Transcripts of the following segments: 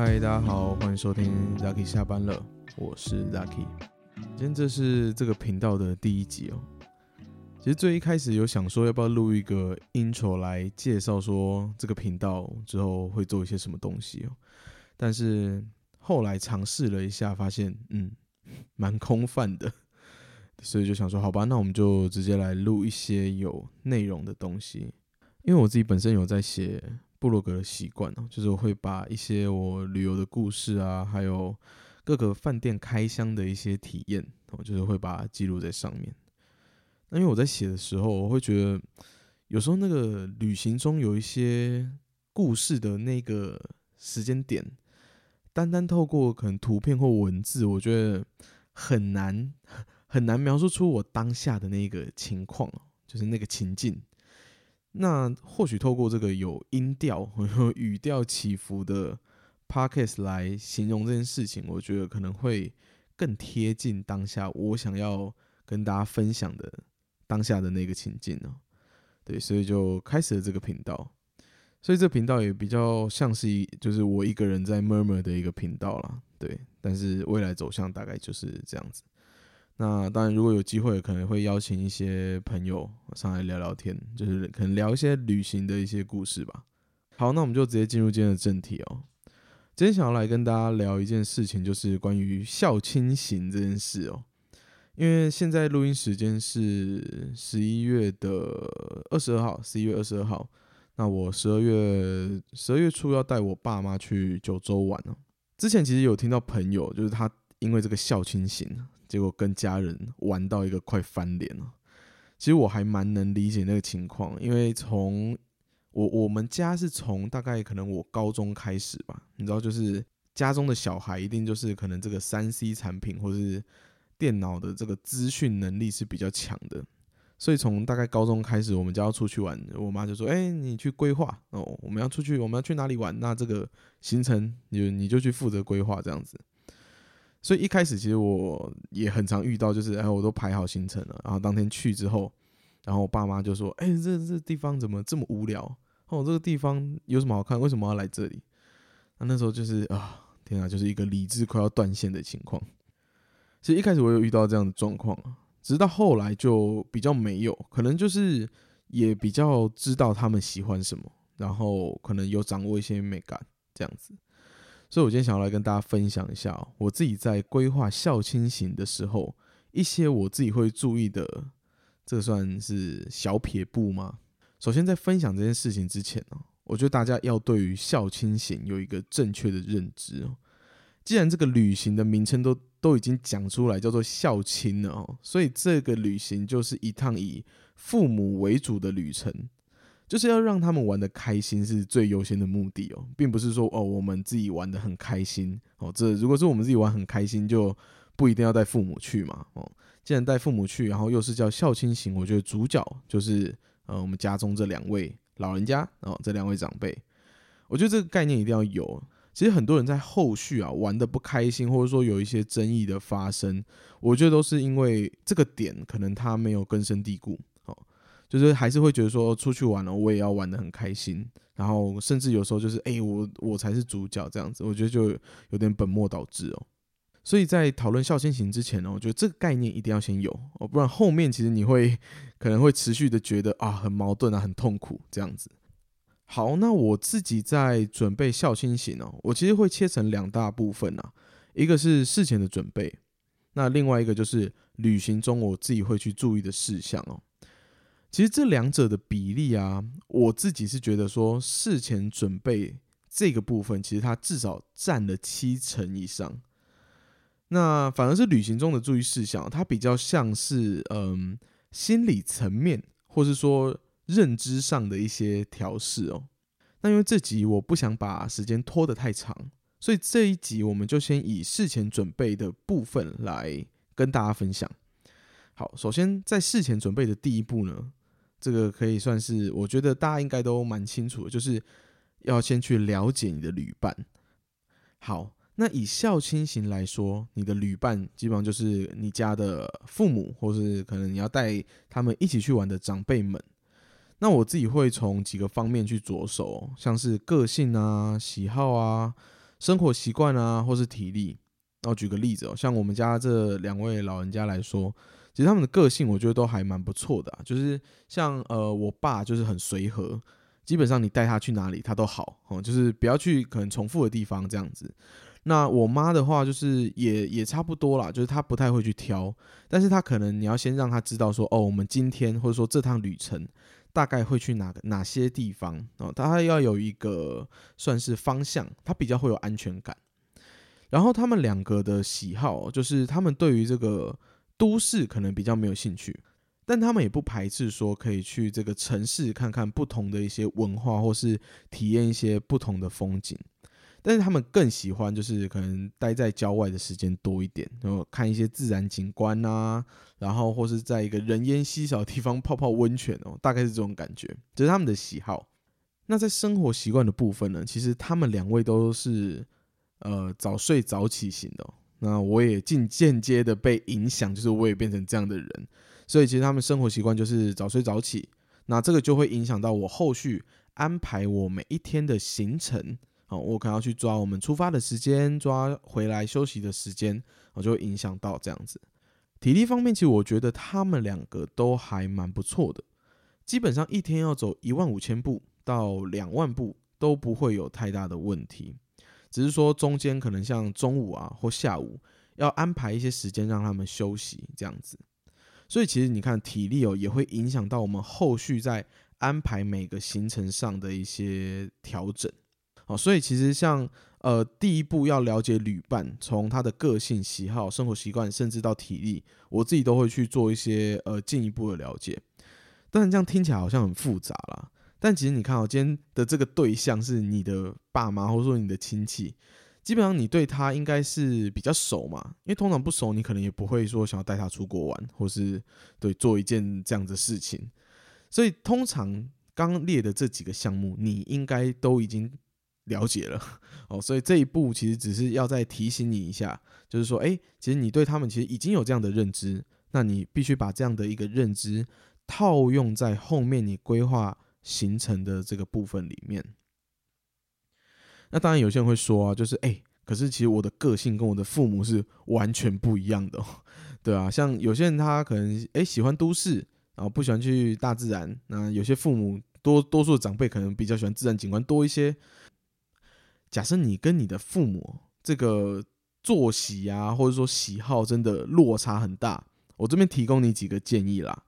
嗨，Hi, 大家好，歡迎收聽 Zaki 下班了，我是 Zaki。今天這是這個頻道的第一集哦。其實最一開始有想說要不要錄一個 intro 來介紹說這個頻道之後會做一些什麼東西哦，但是後來嘗試了一下，發現嗯，蠻空泛的，所以就想說好吧，那我們就直接來錄一些有內容的東西，因為我自己本身有在寫部落格的習慣哦，就是我會把一些我旅遊的故事啊，還有各個飯店開箱的一些體驗，我就是會把它記錄在上面。那因為我在寫的時候，我會覺得有時候那個旅行中有一些故事的那個時間點，單單透過可能圖片或文字，我覺得很難很難描述出我當下的那個情況，就是那個情境。那或許透過這個有音調和語調起伏的 Podcast 來形容這件事情，我覺得可能會更貼近當下我想要跟大家分享的當下的那個情境哦、喔。對，所以就開始了這個頻道，所以這頻道也比較像是就是我一個人在 murmur 的一個頻道啦。對，但是未來走向大概就是這樣子。那當然，如果有機會，可能會邀請一些朋友上來聊聊天，就是可能聊一些旅行的一些故事吧。好，那我們就直接進入今天的正題哦。今天想要來跟大家聊一件事情，就是關於孝親行這件事哦。因為現在錄音時間是十一月的二十二號，十一月二十二號，那我十二月十二月初要帶我爸媽去九州玩哦。之前其實有聽到朋友，就是他因為這個孝親行，結果跟家人玩到一個快翻臉了，其實我還蠻能理解那個情況，因為從我我們家是從大概可能我高中開始吧，你知道就是家中的小孩一定就是可能這個三 C 產品或者是電腦的這個資訊能力是比較強的，所以從大概高中開始，我們家要出去玩，我媽就說：“哎、欸，你去規劃哦，我們要出去，我們要去哪裡玩？那這個行程你就你就去負責規劃這樣子。”所以一開始其實我也很常遇到，就是哎，我都排好行程了，然後當天去之後，然後我爸媽就說：“哎、欸，這個、這個地方怎麼這麼無聊？哦，這個地方有什麼好看？為什麼要來這裡？”那那時候就是啊，天啊，就是一個理智快要斷線的情況。其實一開始我有遇到這樣的狀況啊，直到後來就比較沒有，可能就是也比較知道他們喜歡什麼，然後可能有掌握一些美感這樣子。所以，我今天想要來跟大家分享一下，我自己在規劃孝親行的時候，一些我自己會注意的。這個、算是小撇步嗎？首先，在分享這件事情之前啊，我覺得大家要對於孝親行有一個正確的認知。既然這個旅行的名稱都都已經講出來，叫做孝親了哦，所以這個旅行就是一趟以父母為主的旅程。就是要讓他們玩得開心，是最優先的目的哦，並不是說哦，我們自己玩得很開心哦，這如果是我們自己玩得很開心，就不一定要帶父母去嘛哦。既然帶父母去，然後又是叫孝親行，我覺得主角就是呃，我們家中這兩位老人家，哦。這兩位長輩，我覺得這個概念一定要有。其實很多人在後續啊玩得不開心，或者說有一些爭議的發生，我覺得都是因為這個點，可能他沒有根深蒂固。就是還是會覺得說出去玩了，喔，我也要玩得很開心，然後甚至有時候就是，哎、欸，我我才是主角這樣子，我覺得就有點本末倒置哦。所以在討論孝親行之前呢，喔，我覺得這個概念一定要先有哦，不然後面其實你會可能會持續的覺得啊很矛盾啊很痛苦這樣子。好，那我自己在準備孝親行哦，我其實會切成兩大部分啊，一個是事前的準備，那另外一個就是旅行中我自己會去注意的事項哦。其實這兩者的比例啊，我自己是覺得說，事前準備這個部分，其實它至少占了七成以上。那反而是旅行中的注意事項，它比較像是嗯、呃，心理層面或是說認知上的一些調適哦。那因為這集我不想把時間拖得太長，所以這一集我們就先以事前準備的部分來跟大家分享。好，首先在事前準備的第一步呢。這個可以算是，我覺得大家應該都蠻清楚的，就是要先去了解你的旅伴。好，那以孝親型來說，你的旅伴基本上就是你家的父母，或是可能你要帶他們一起去玩的長輩們。那我自己會從幾個方面去着手，像是個性啊、喜好啊、生活習慣啊，或是體力。那我舉個例子哦，像我們家這兩位老人家來說。其實他們的個性，我覺得都還蠻不錯的啊，就是像呃，我爸就是很隨和，基本上你帶他去哪裡，他都好哦，就是不要去可能重複的地方這樣子。那我媽的話，就是也也差不多啦，就是她不太會去挑，但是她可能你要先讓她知道說，哦，我們今天或者說這趟旅程大概會去哪個哪些地方哦，她要有一個算是方向，她比較會有安全感。然後他們兩個的喜好，就是他們對於這個。都市可能比較沒有興趣，但他們也不排斥說可以去這個城市看看不同的一些文化，或是體驗一些不同的風景。但是他們更喜歡就是可能待在郊外的時間多一點，然後看一些自然景觀啊，然後或是在一個人煙稀少的地方泡泡溫泉哦、喔，大概是這種感覺，這、就是他們的喜好。那在生活習慣的部分呢，其實他們兩位都是呃早睡早起型的、喔。那我也進間接的被影響，就是我也變成這樣的人，所以其實他們生活習慣就是早睡早起，那這個就會影響到我後續安排我每一天的行程，啊，我可能要去抓我們出發的時間，抓回來休息的時間，我就會影響到這樣子。體力方面，其實我覺得他們兩個都還蠻不錯的，基本上一天要走一萬五千步到兩萬步都不會有太大的問題。只是說中間可能像中午啊或下午要安排一些時間讓他們休息這樣子，所以其實你看體力哦也會影響到我們後續在安排每個行程上的一些調整。好、哦，所以其實像呃第一步要了解旅伴，從他的個性、喜好、生活習慣，甚至到體力，我自己都會去做一些呃進一步的了解。但是這樣聽起來好像很複雜啦。但其實你看哦，今天的這個對象是你的爸媽，或者說你的親戚，基本上你對他應該是比較熟嘛，因為通常不熟，你可能也不會說想要帶他出國玩，或是對做一件這樣的事情。所以通常剛列的這幾個項目，你應該都已經了解了哦。所以這一步其實只是要再提醒你一下，就是說，哎，其實你對他們其實已經有這樣的認知，那你必須把這樣的一個認知套用在後面你規劃。行程的這個部分裡面，那當然有些人會說啊，就是哎、欸，可是其實我的個性跟我的父母是完全不一樣的、喔，對啊，像有些人他可能誒、欸、喜歡都市，然後不喜歡去大自然。那有些父母多多數的長輩可能比較喜歡自然景觀多一些。假設你跟你的父母這個作息啊，或者說喜好真的落差很大，我這邊提供你幾個建議啦。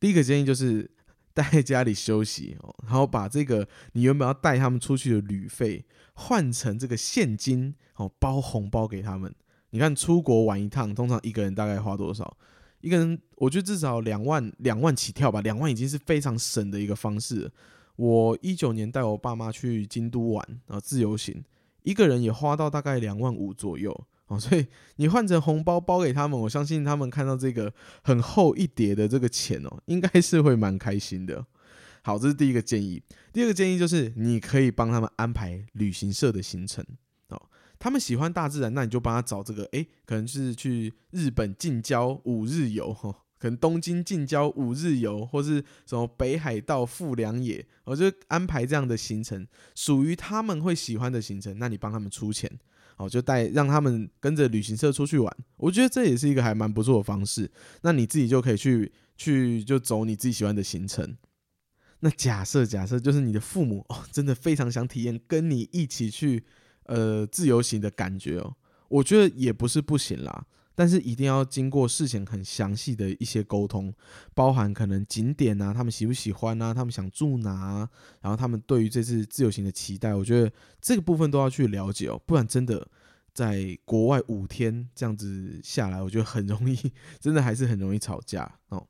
第一個建議就是。待在家裡休息，然後把這個你原本要帶他們出去的旅費換成這個現金哦，包紅包給他們。你看出國玩一趟，通常一個人大概花多少？一個人我覺得至少兩萬，兩萬起跳吧。兩萬已經是非常省的一個方式了。我一九年帶我爸媽去京都玩啊，自由行，一個人也花到大概兩萬五左右。哦，所以你換成紅包包給他們，我相信他們看到這個很厚一疊的這個錢哦，應該是會蠻開心的。好，這是第一個建議。第二個建議就是，你可以幫他們安排旅行社的行程。哦，他們喜歡大自然，那你就幫他找這個，哎，可能就是去日本近郊五日遊，哦，可能東京近郊五日遊，或是什麼北海道富良野，我就安排這樣的行程，屬於他們會喜歡的行程，那你幫他們出錢。哦，就帶讓他們跟着旅行社出去玩，我覺得這也是一個還蠻不錯的方式。那你自己就可以去去就走你自己喜歡的行程。那假設假設就是你的父母哦，真的非常想體驗跟你一起去呃自由行的感覺哦，我覺得也不是不行啦。但是一定要經過事前很詳細的一些溝通，包含可能景點啊，他們喜不喜歡啊，他們想住哪啊，然後他們對於這次自由行的期待，我覺得這個部分都要去了解哦，不然真的在國外五天這樣子下來，我覺得很容易，真的還是很容易吵架哦。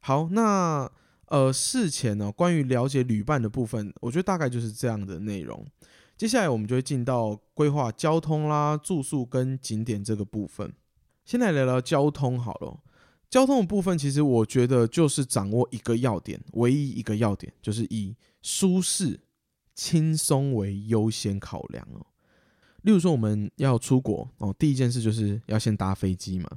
好，那呃，事前呢，關於了解旅伴的部分，我覺得大概就是這樣的內容。接下來我們就會進到規劃交通啦、住宿跟景點這個部分。先來聊聊交通好了，交通的部分其實我覺得就是掌握一個要點，唯一一個要點就是以舒適、輕鬆為優先考量哦。例如說我們要出國哦，第一件事就是要先搭飛機嘛。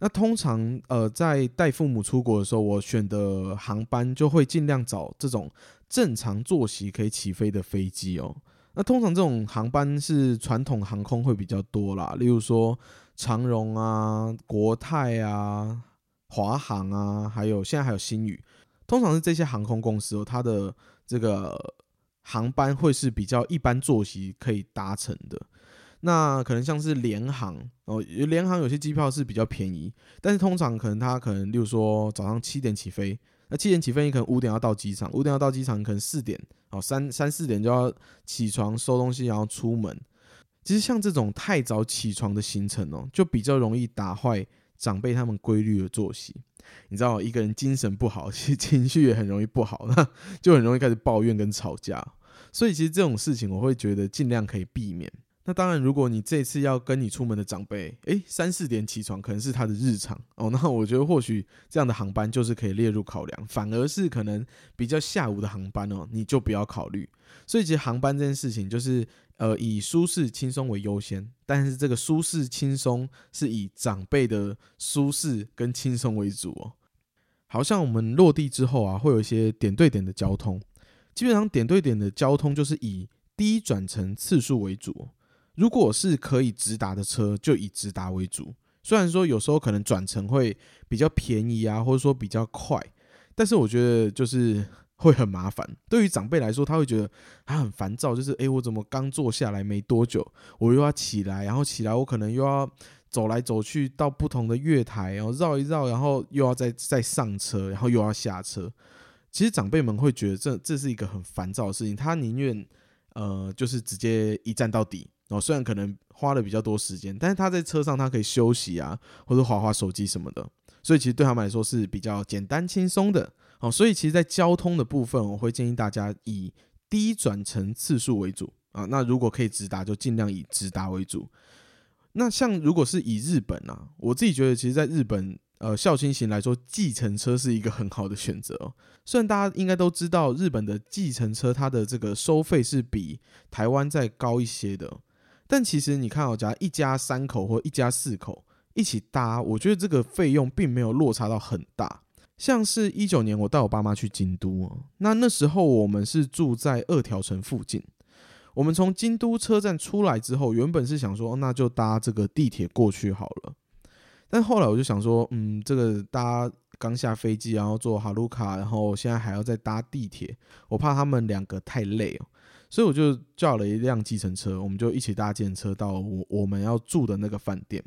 那通常呃，在帶父母出國的時候，我選的航班就會盡量找這種正常作息可以起飛的飛機哦。那通常這種航班是傳統航空會比較多啦，例如說長榮啊，國泰啊，華航啊，還有現在還有新宇，通常是這些航空公司哦，它的這個航班會是比較一般作息可以搭乘的。那可能像是聯航哦，聯航有些機票是比較便宜，但是通常可能它可能，例如說早上七點起飛，那七點起飛，你可能五點要到機場，五點要到機場，你可能四點哦，三三四點就要起床收東西，然後出門。其實像這種太早起床的行程哦，就比較容易打壞長輩他們規律的作息。你知道，一個人精神不好，其實情緒也很容易不好，就很容易開始抱怨跟吵架。所以其實這種事情，我會覺得盡量可以避免。那當然，如果你這次要跟你出門的長輩，誒、欸，三四點起床可能是他的日常哦。那我覺得或許這樣的航班就是可以列入考量，反而是可能比較下午的航班哦，你就不要考慮。所以其實航班這件事情就是，呃，以舒適輕鬆為優先，但是這個舒適輕鬆是以長輩的舒適跟輕鬆為主哦。好像我們落地之後啊，會有一些點對點的交通，基本上點對點的交通就是以低轉乘次數為主。如果是可以直達的車，就以直達為主。雖然說有時候可能轉乘會比較便宜啊，或者說比較快，但是我覺得就是會很麻煩。對於長輩來說，他會覺得他很煩躁，就是誒，我怎麼剛坐下來沒多久，我又要起來，然後起來我可能又要走來走去到不同的月台，然後繞一繞，然後又要再再上車，然後又要下車。其實長輩們會覺得這這是一個很煩躁的事情，他寧願呃，就是直接一站到底。哦，雖然可能花了比較多時間，但是他在車上他可以休息啊，或者滑滑手機什麼的，所以其實對他們來說是比較簡單輕鬆的。哦，所以其實，在交通的部分，我會建議大家以低轉乘次數為主啊。那如果可以直達，就盡量以直達為主。那像如果是以日本啊，我自己覺得，其實，在日本呃，孝親型，來說，計程車是一個很好的選擇哦。雖然大家應該都知道，日本的計程車它的這個收費是比台灣再高一些的。但其實你看喔，我家一家三口或一家四口一起搭，我覺得這個費用並沒有落差到很大。像是一九年我帶我爸媽去京都喔，那那時候我們是住在二條城附近。我們從京都車站出來之後，原本是想說那就搭這個地鐵過去好了。但後來我就想說，嗯，這個搭剛下飛機，然後坐哈魯卡，然後現在還要再搭地鐵，我怕他們兩個太累喔。所以我就叫了一輛計程車，我們就一起搭計程車到我我們要住的那個飯店。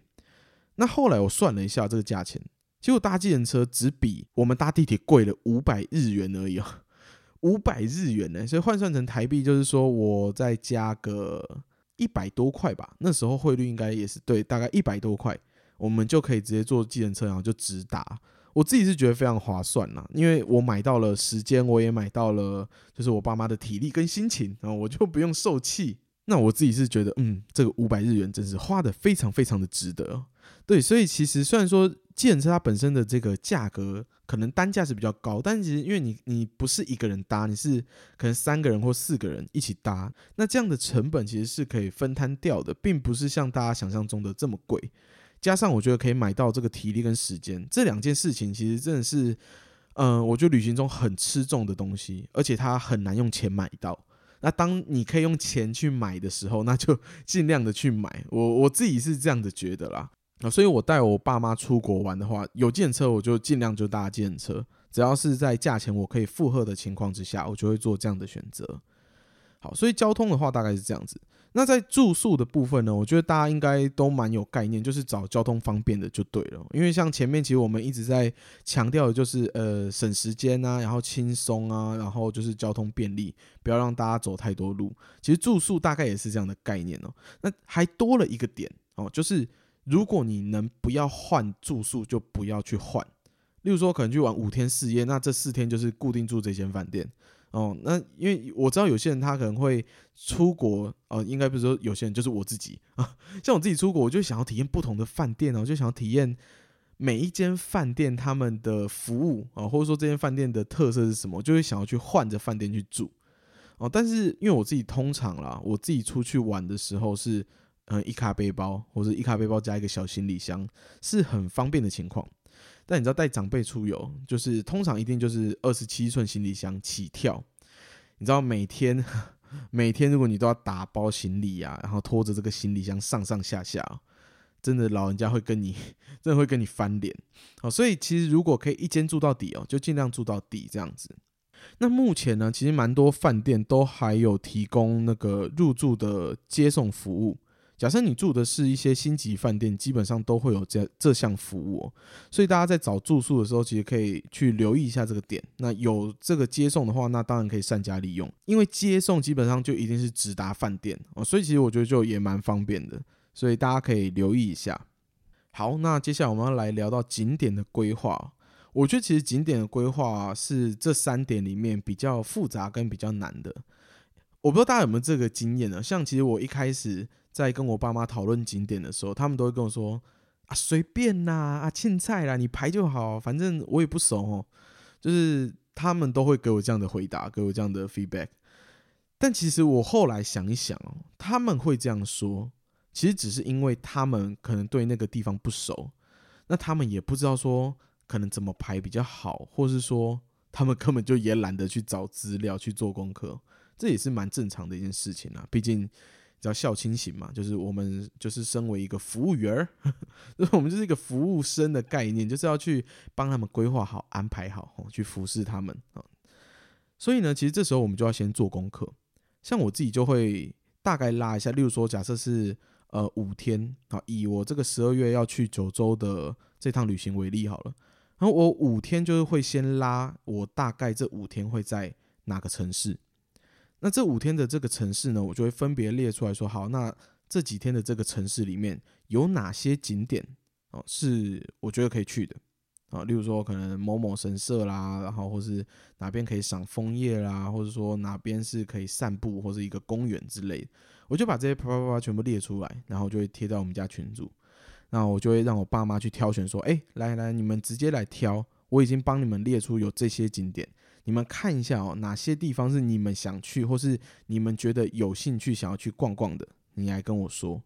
那後來我算了一下這個價錢，其實我搭計程車只比我們搭地鐵貴了五百日元而已啊，五百日元呢，欸，所以換算成台幣就是說，我再加個一百多塊吧。那時候匯率應該也是對，大概一百多塊，我們就可以直接坐計程車，然後就直達。我自己是覺得非常划算啦、啊，因為我買到了時間，我也買到了就是我爸媽的體力跟心情，然後我就不用受氣。那我自己是覺得，嗯，這個五百日元真是花得非常非常的值得。對，所以其實雖然說計程車它本身的這個價格可能單價是比較高，但其實因為你你不是一個人搭，你是可能三個人或四個人一起搭，那這樣的成本其實是可以分攤掉的，並不是像大家想象中的這麼貴。加上我覺得可以買到這個體力跟時間這兩件事情，其實真的是，嗯、呃，我覺得旅行中很吃重的東西，而且它很難用錢買到。那當你可以用錢去買的時候，那就盡量的去買。我我自己是這樣的覺得啦。啊，所以我帶我爸媽出國玩的話，有電車我就盡量就搭電車，只要是在價錢我可以負荷的情況之下，我就會做這樣的選擇。好，所以交通的話大概是這樣子。那在住宿的部分呢，我覺得大家應該都蠻有概念，就是找交通方便的就對了。因為像前面其實我們一直在強調的就是，呃，省時間啊，然後輕鬆啊，然後就是交通便利，不要讓大家走太多路。其實住宿大概也是這樣的概念哦。那還多了一個點哦，就是如果你能不要換住宿，就不要去換。例如說，可能去玩五天四夜，那這四天就是固定住這間飯店。哦，那因為我知道有些人他可能會出國，哦，應該不是說有些人，就是我自己啊。像我自己出國我，我就想要體驗不同的飯店，哦，就想要體驗每一間飯店他們的服務啊，哦，或者說這間飯店的特色是什麼，我就會想要去換着飯店去住。哦，但是因為我自己通常啦，我自己出去玩的時候是，嗯，一卡背包或者一卡背包加一個小行李箱，是很方便的情況。但你知道帶長輩出遊，就是通常一定就是二十七寸行李箱起跳。你知道每天每天如果你都要打包行李啊，然後拖着這個行李箱上上下下，真的老人家會跟你，真的會跟你翻臉哦。所以其實如果可以一間住到底哦，就儘量住到底這樣子。那目前呢，其實蠻多飯店都還有提供那個入住的接送服務。假設你住的是一些星級飯店，基本上都會有這這項服務，所以大家在找住宿的時候，其實可以去留意一下這個點。那有這個接送的話，那當然可以善加利用，因為接送基本上就一定是直達飯店哦，所以其實我覺得就也蠻方便的，所以大家可以留意一下。好，那接下來我們要來聊到景點的規劃。我覺得其實景點的規劃是這三點裡面比較複雜跟比較難的。我不知道大家有沒有這個經驗呢？像其實我一開始。在跟我爸媽討論景點的時候，他們都會跟我說：“啊，隨便啦，啊，青菜啦，你排就好，反正我也不熟哦。”就是他們都會給我這樣的回答，給我這樣的 feedback。但其實我後來想一想哦，他們會這樣說，其實只是因為他們可能對那個地方不熟，那他們也不知道說可能怎麼排比較好，或是說他們根本就也懶得去找資料去做功課，這也是蠻正常的一件事情啊，畢竟。叫孝親行嘛，就是我們就是身為一個服務員兒， 我們就是一個服務生的概念，就是要去幫他們規劃好、安排好，去服侍他們喔。所以呢，其實這時候我們就要先做功課。像我自己就會大概拉一下，例如說假，假設是呃五天啊，以我這個十二月要去九州的這趟旅行為例好了，然後我五天就是會先拉我大概這五天會在哪個城市。那這五天的這個城市呢，我就會分別列出來說，好，那這幾天的這個城市裡面有哪些景點哦，是我覺得可以去的啊，例如說可能某某神社啦，然後或是哪邊可以賞楓葉啦，或者說哪邊是可以散步或是一個公園之類的，我就把這些啪啪啪全部列出來，然後就會貼在我們家群組，那我就會讓我爸媽去挑選說，哎，來來，你們直接來挑，我已經幫你們列出有這些景點。你們看一下哦，哪些地方是你們想去，或是你們覺得有興趣想要去逛逛的，你來跟我說。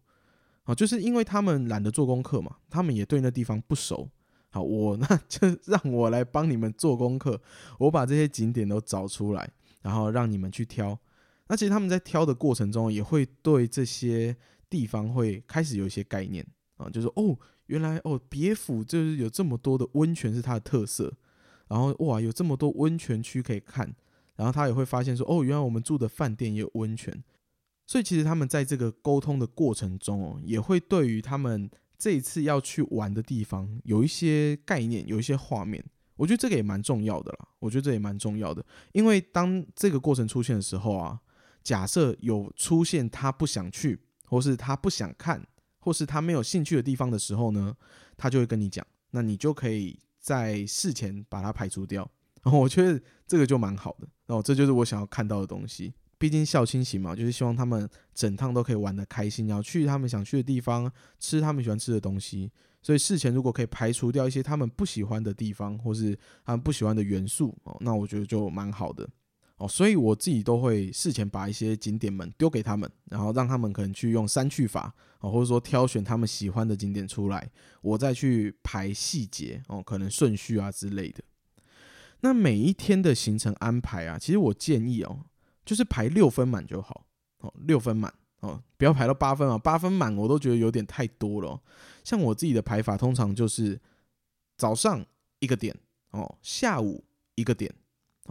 哦，就是因為他們懶得做功課嘛，他們也對那地方不熟。好，我那就讓我來幫你們做功課，我把這些景點都找出來，然後讓你們去挑。那其實他們在挑的過程中，也會對這些地方會開始有一些概念啊，哦，就是哦，原來哦，別府就是有這麼多的溫泉是它的特色。然後哇，有這麼多溫泉區可以看，然後他也會發現說，哦，原來我們住的飯店也有溫泉，所以其實他們在這個溝通的過程中哦，也會對於他們這一次要去玩的地方有一些概念，有一些畫面。我覺得這個也蠻重要的啦，我覺得這也蠻重要的，因為當這個過程出現的時候啊，假設有出現他不想去，或是他不想看，或是他沒有興趣的地方的時候呢，他就會跟你講，那你就可以。在事前把它排除掉，然後我覺得這個就蠻好的，然後這就是我想要看到的東西。畢竟校慶行嘛，就是希望他們整趟都可以玩得開心，然後去他們想去的地方，吃他們喜歡吃的東西。所以事前如果可以排除掉一些他們不喜歡的地方，或是他們不喜歡的元素，哦，那我覺得就蠻好的。哦，所以我自己都會事前把一些景點們丟給他們，然後讓他們可能去用刪去法，哦，或者說挑選他們喜歡的景點出來，我再去排細節，哦，可能順序啊之類的。那每一天的行程安排啊，其實我建議哦，就是排六分滿就好，哦，六分滿，哦，不要排到八分啊，八分滿我都覺得有點太多了。像我自己的排法，通常就是早上一個點，哦，下午一個點。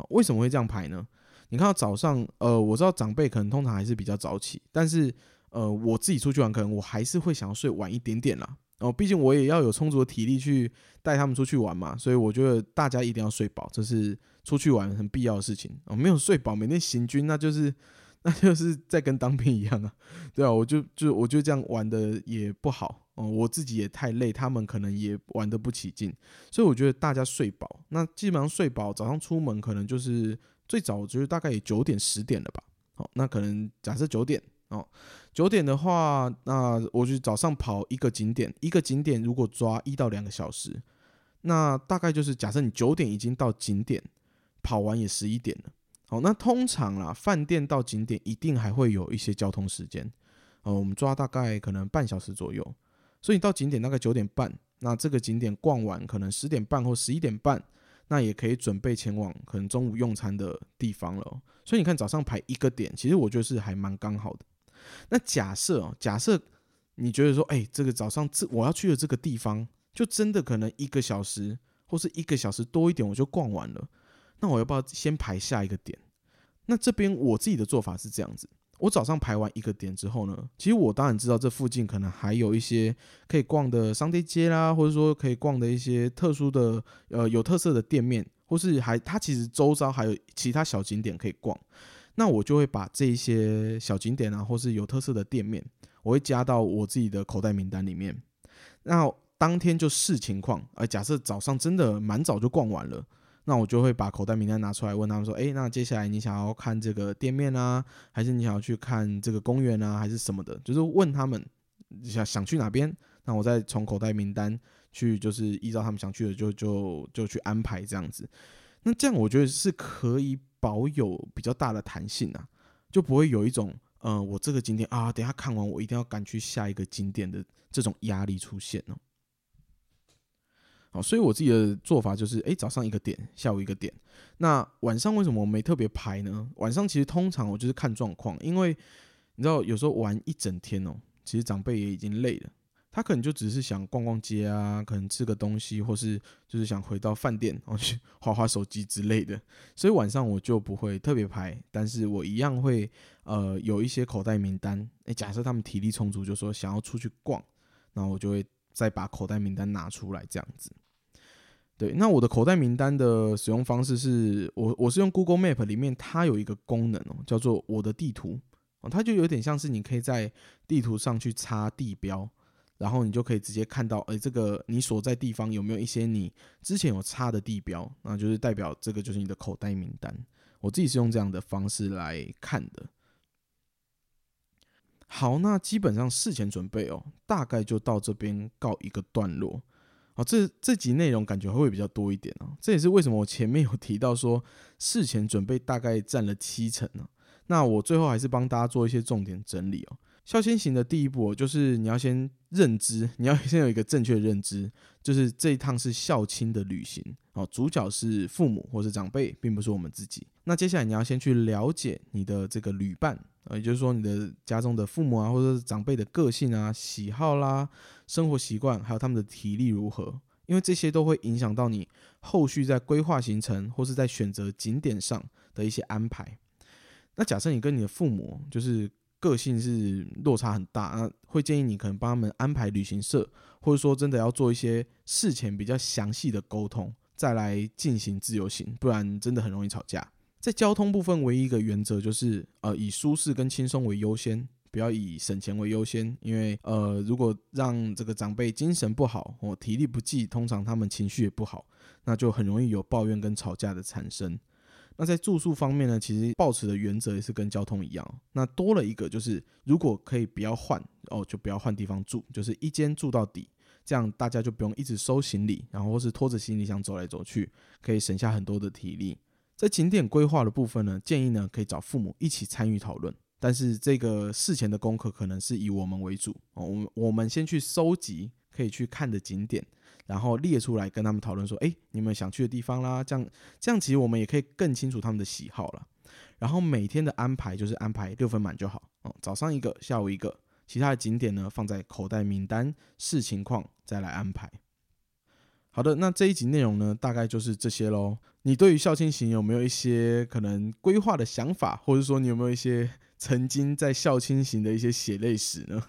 為什麼會這樣排呢？你看到早上，呃，我知道長輩可能通常還是比較早起，但是，呃，我自己出去玩，可能我還是會想要睡晚一點點啦。哦、呃，畢竟我也要有充足的體力去帶他們出去玩嘛，所以我覺得大家一定要睡飽，這是出去玩很必要的事情。哦、呃，沒有睡飽，每天行軍，那就是那就是在跟當兵一樣啊。對啊，我就就我就這樣玩得也不好。嗯，我自己也太累，他們可能也玩得不起勁，所以我覺得大家睡飽。那基本上睡飽，早上出門可能就是最早就是大概也九點十點了吧。好，那可能假設九點哦，九點的話，那我就早上跑一個景點，一個景點如果抓一到兩個小時，那大概就是假設你九點已經到景點，跑完也十一點了。好，那通常啦，飯店到景點一定還會有一些交通時間。哦、嗯，我們抓大概可能半小時左右。所以你到景點大概九點半，那這個景點逛完可能十點半或十一點半，那也可以準備前往可能中午用餐的地方了。所以你看早上排一個點，其實我覺得是還蠻剛好的。那假設哦，假設你覺得說，哎、欸，這個早上這我要去的這個地方，就真的可能一個小時或是一個小時多一點我就逛完了，那我要不要先排下一個點？那這邊我自己的做法是這樣子。我早上排完一個點之後呢，其實我當然知道這附近可能還有一些可以逛的商店街啦，或者說可以逛的一些特殊的呃，有特色的店面，或是還它其實周遭還有其他小景點可以逛，那我就會把這一些小景點啊，或是有特色的店面，我會加到我自己的口袋名單裡面，那當天就視情況，而、呃、假設早上真的蠻早就逛完了。那我就會把口袋名單拿出來問他們說，誒，那接下來你想要看這個店面啊，還是你想要去看這個公園啊，還是什麼的？就是問他們想想去哪邊，那我再從口袋名單去，就是依照他們想去的就就就去安排這樣子。那這樣我覺得是可以保有比較大的彈性啊，就不會有一種，嗯，我這個景點啊，等下看完我一定要趕去下一個景點的這種壓力出現哦。好，所以我自己的做法就是，哎，早上一個點，下午一個點。那晚上為什麼我沒特別排呢？晚上其實通常我就是看狀況，因為你知道有時候玩一整天哦，其實長輩也已經累了，他可能就只是想逛逛街啊，可能吃個東西，或是就是想回到飯店，然後去滑滑手機之類的。所以晚上我就不會特別排，但是我一樣會呃有一些口袋名單。哎，假設他們體力充足，就是說想要出去逛，然後我就會再把口袋名單拿出來這樣子。對，那我的口袋名單的使用方式是我，我我是用 Google Map 裡面它有一個功能哦，叫做我的地圖哦，它就有點像是你可以在地圖上去插地標，然後你就可以直接看到，哎，這個你所在地方有沒有一些你之前有插的地標，那就是代表這個就是你的口袋名單。我自己是用這樣的方式來看的。好，那基本上事前準備哦，大概就到這邊告一個段落。哦、這這集內容感覺會比較多一點哦，這也是為什麼我前面有提到說，事前準備大概占了七成哦，那我最後還是幫大家做一些重點整理哦。孝親行的第一步哦，就是你要先認知，你要先有一個正確認知，就是這一趟是孝親的旅行哦，主角是父母或是長輩，並不是我們自己。那接下來你要先去了解你的這個旅伴。呃，也就是說，你的家中的父母啊，或者是長輩的個性啊、喜好啦、生活習慣，還有他們的體力如何？因為這些都會影響到你後續在規劃行程或是在選擇景點上的一些安排。那假設你跟你的父母就是個性是落差很大，那會建議你可能幫他們安排旅行社，或者說真的要做一些事前比較詳細的溝通，再來進行自由行，不然真的很容易吵架。在交通部分，唯一一個原則就是，呃，以舒適跟輕鬆為優先，不要以省錢為優先。因為，呃，如果讓這個長輩精神不好，哦，體力不濟，通常他們情緒也不好，那就很容易有抱怨跟吵架的產生。那在住宿方面呢，其實抱持的原則也是跟交通一樣，那多了一個就是，如果可以不要換，哦，就不要換地方住，就是一間住到底，這樣大家就不用一直收行李，然後或是拖着行李箱走來走去，可以省下很多的體力。在景點規劃的部分呢，建議呢可以找父母一起參與討論，但是這個事前的功課可能是以我們為主哦。我們我們先去收集可以去看的景點，然後列出來跟他們討論說，誒、欸，你們想去的地方啦，這樣這樣其實我們也可以更清楚他們的喜好了。然後每天的安排就是安排六分滿就好哦，早上一個，下午一個，其他的景點呢放在口袋名單，視情況再來安排。好的，那這一集內容呢，大概就是這些嘍。你對於孝親行有沒有一些可能規劃的想法，或者說你有沒有一些曾經在孝親行的一些血淚史呢？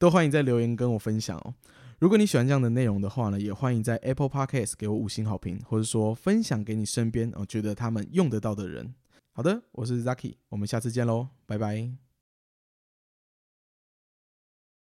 都歡迎在留言跟我分享哦。如果你喜歡這樣的內容的話呢，也歡迎在 Apple Podcast 給我五星好評，或者說分享給你身邊哦覺得他們用得到的人。好的，我是 Zaki，我們下次見嘍，拜拜。